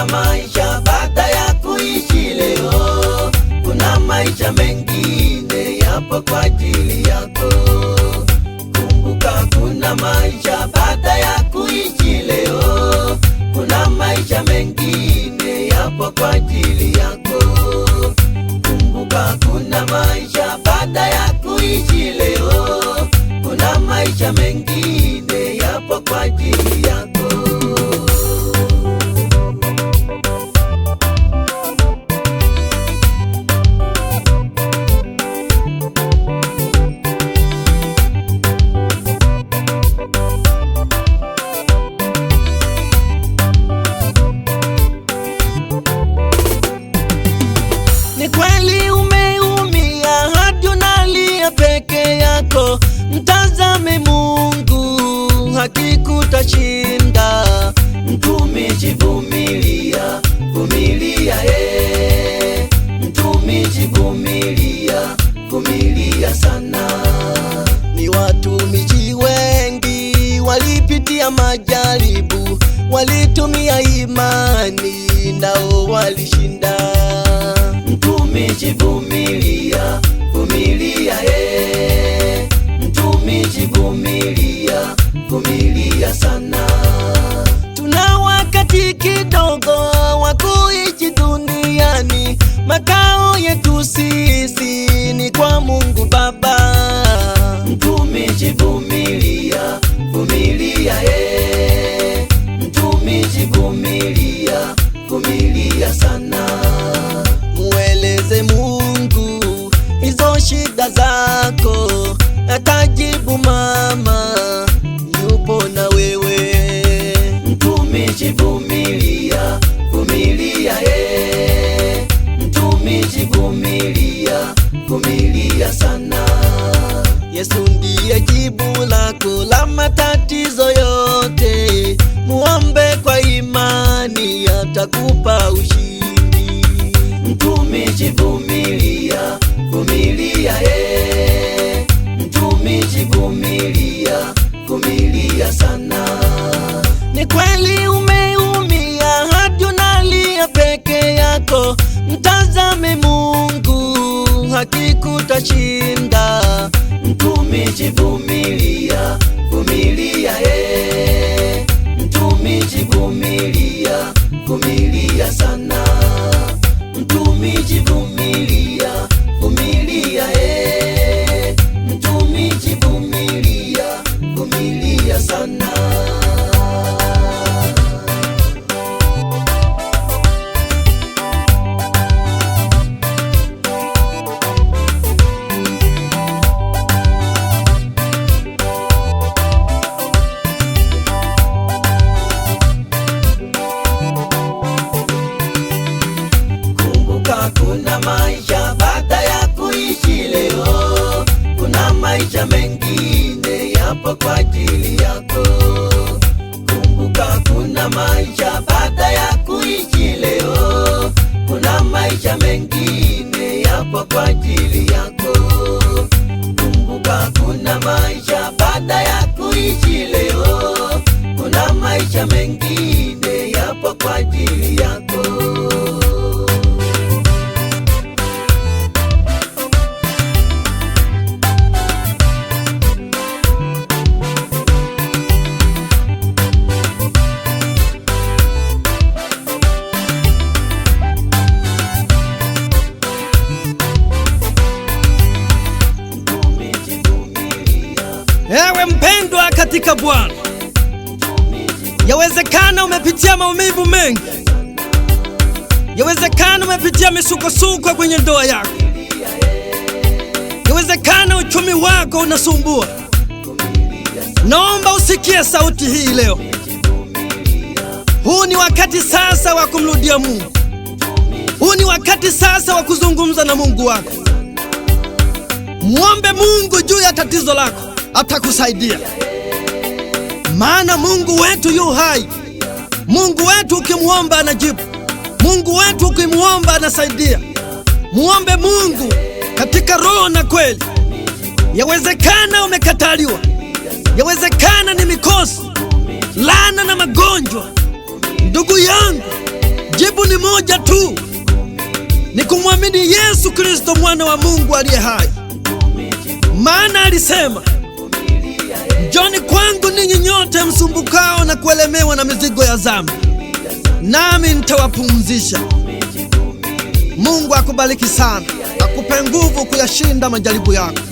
kuna maisha baada ya kuishi leo, kuna maisha mengine yapo kwa ajili yako. kushinda, mtumijivumilia vumilia, eh, mtumijivumilia vumilia sana. Ni watumishi wengi walipitia majaribu, walitumia imani, nao walishinda. Mtumijivumilia vumilia matatizo yote, muombe kwa imani, atakupa ushindi. Mtumishi vumilia, vumilia ye, mtumishi vumilia, vumilia sana. Ni kweli umeumia, hadi unalia peke yako, mtazame Mungu hakikutashinda. hapo kwa ajili yako. Kumbuka kuna maisha baada ya kuishi leo, kuna maisha mengine yapo kwa ajili yako. katika Bwana. Yawezekana umepitia maumivu mengi, yawezekana umepitia misukosuko kwenye ndoa yako, yawezekana uchumi wako unasumbua. Naomba usikie sauti hii leo. Huu ni wakati sasa wa kumrudia Mungu. Huu ni wakati sasa wa kuzungumza na Mungu wako. Muombe Mungu juu ya tatizo lako, atakusaidia maana Mungu wetu yu hai. Mungu wetu ukimuomba anajibu. Mungu wetu ukimuomba anasaidia. Muombe Mungu katika roho na kweli. Yawezekana umekataliwa, yawezekana ni mikosi, laana na magonjwa. Ndugu yangu, jibu ni moja tu, ni kumwamini Yesu Kristo, mwana wa Mungu aliye hai, maana alisema Njoni kwangu ninyi nyote msumbukao na kuelemewa na mizigo ya dhambi, nami nitawapumzisha. Mungu akubariki sana, akupe nguvu kuyashinda majaribu yako.